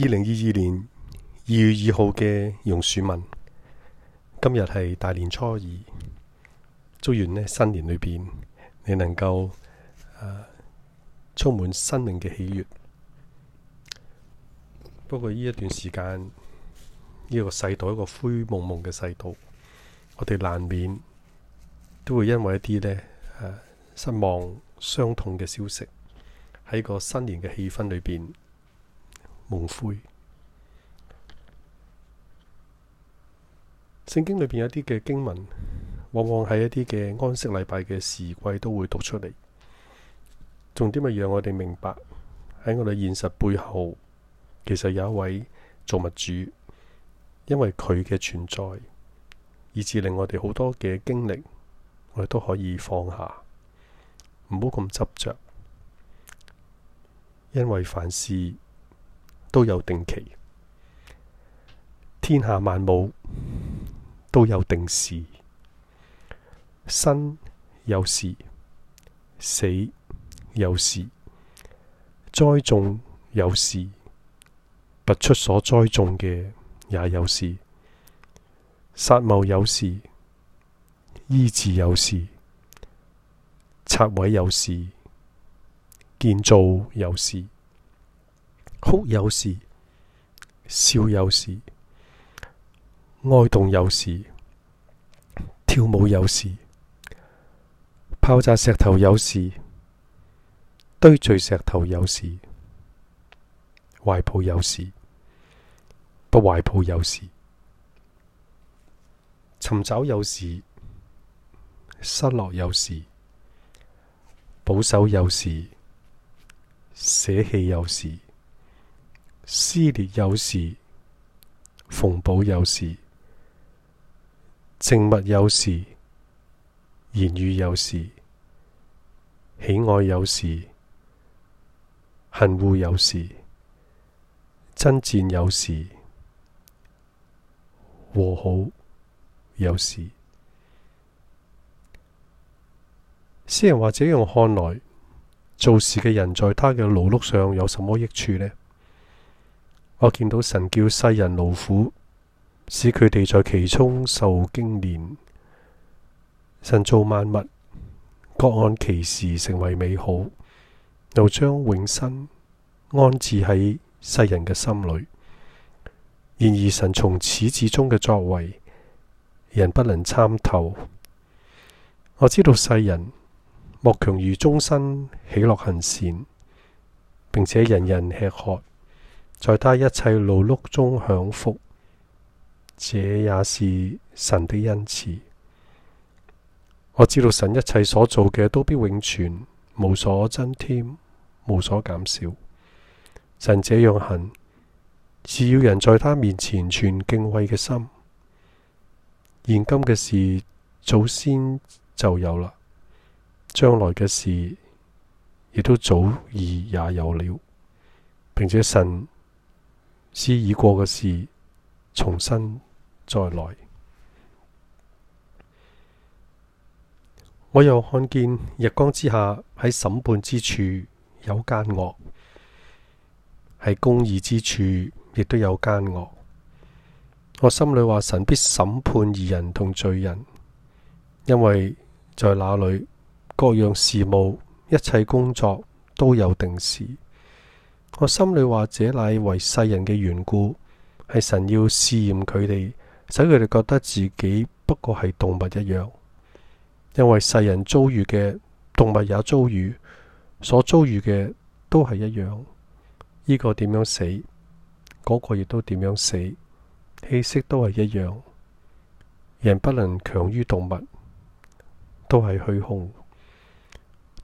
二零二二年二月二號嘅榕樹文，今日係大年初二，祝願呢新年裏邊你能夠、啊、充滿生命嘅喜悦。不過呢一段時間，呢、呢個世道一個灰濛濛嘅世道，我哋難免都會因為一啲咧、啊、失望、傷痛嘅消息，喺個新年嘅氣氛裏邊。蒙灰。聖經裏邊有啲嘅經文，往往喺一啲嘅安息禮拜嘅時季都會讀出嚟。重點係讓我哋明白，喺我哋現實背後，其實有一位造物主，因為佢嘅存在，以致令我哋好多嘅經歷，我哋都可以放下，唔好咁執着，因為凡事，都有定期，天下萬物都有定時，生有時，死有時，栽種有時，拔出所栽種嘅也有時，殺戮有時，醫治有時，拆毀有時，建造有時。哭有時，笑有時，哀慟有時，跳舞有時，拋擲石頭有時，堆聚石頭有時，懷抱有時，不懷抱有時，尋找有時，失落有時，保守有時，捨棄有時。撕裂有時，縫補有時；靜默有時，言語有時；喜愛有時，恨惡有時；爭戰有時，和好有時。詩人或者用看來，做事嘅人在他嘅勞碌上有什麼益處呢？我見到神叫世人勞苦，使佢哋在其中受經練。神造萬物，各按其時成為美好，又將永生安置喺世人嘅心裏。然而神從始至終嘅作為，人不能參透。我知道世人莫強如終身喜樂行善，並且人人吃喝。在他一切勞碌，碌中享福，這也是神的恩賜。我知道神一切所做嘅都必永存，無所增添，無所減少。神這樣行，只要人在他面前存敬畏嘅心。現今嘅事，早先就有啦；將來嘅事，亦都早已也有了，並且神。是已過嘅事，重新再來。我又看見日光之下喺審判之處有奸惡，喺公義之處亦都有奸惡。我心裏話：神必審判義人同罪人，因為在那裏各樣事務、一切工作都有定時。我心裏話：這乃為世人嘅緣故，係神要試驗佢哋，使佢哋覺得自己不過係動物一樣。因為世人遭遇嘅動物也遭遇，所遭遇嘅都係一樣。呢個點樣死，嗰個亦都點樣死，氣息都係一樣。人不能強於動物，都係虛空，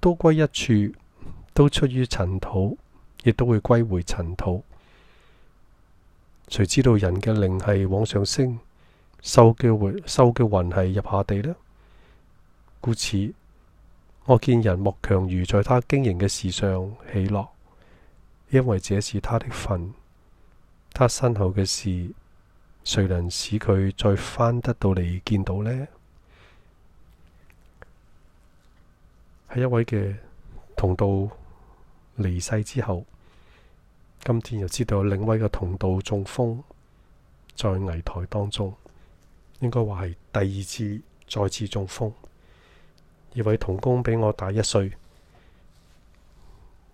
都歸一處，都出於塵土。亦都會歸回塵土，誰知道人嘅靈係往上升，獸嘅活獸嘅魂係入下地呢？故此，我見人莫強如在他經營嘅事上喜樂，因為這是他的份。他身後嘅事，誰能使佢再返得到嚟見到呢？係一位嘅同道離世之後。今天又知道有另一位嘅同道中風，在危台當中，應該話係第二次再次中風。二位同工比我大一歲，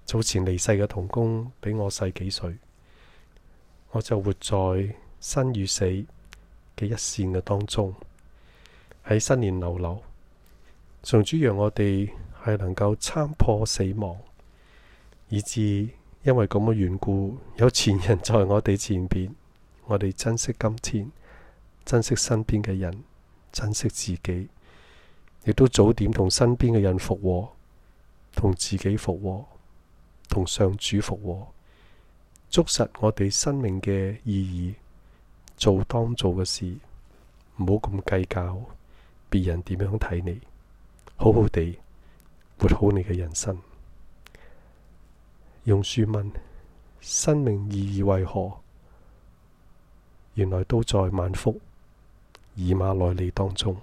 早前離世嘅同工比我細幾歲，我就活在生與死嘅一線嘅當中，喺新年流流，上主讓我哋係能夠參破死亡，以致。因為咁嘅緣故，有前人在我哋前邊，我哋珍惜今天，珍惜身邊嘅人，珍惜自己，亦都早點同身邊嘅人復和，同自己復和，同上主復和，捉實我哋生命嘅意義，做當做嘅事，唔好咁計較，別人點樣睇你，好好地活好你嘅人生。榕樹問：生命意義為何？原來都在萬福以馬內利當中。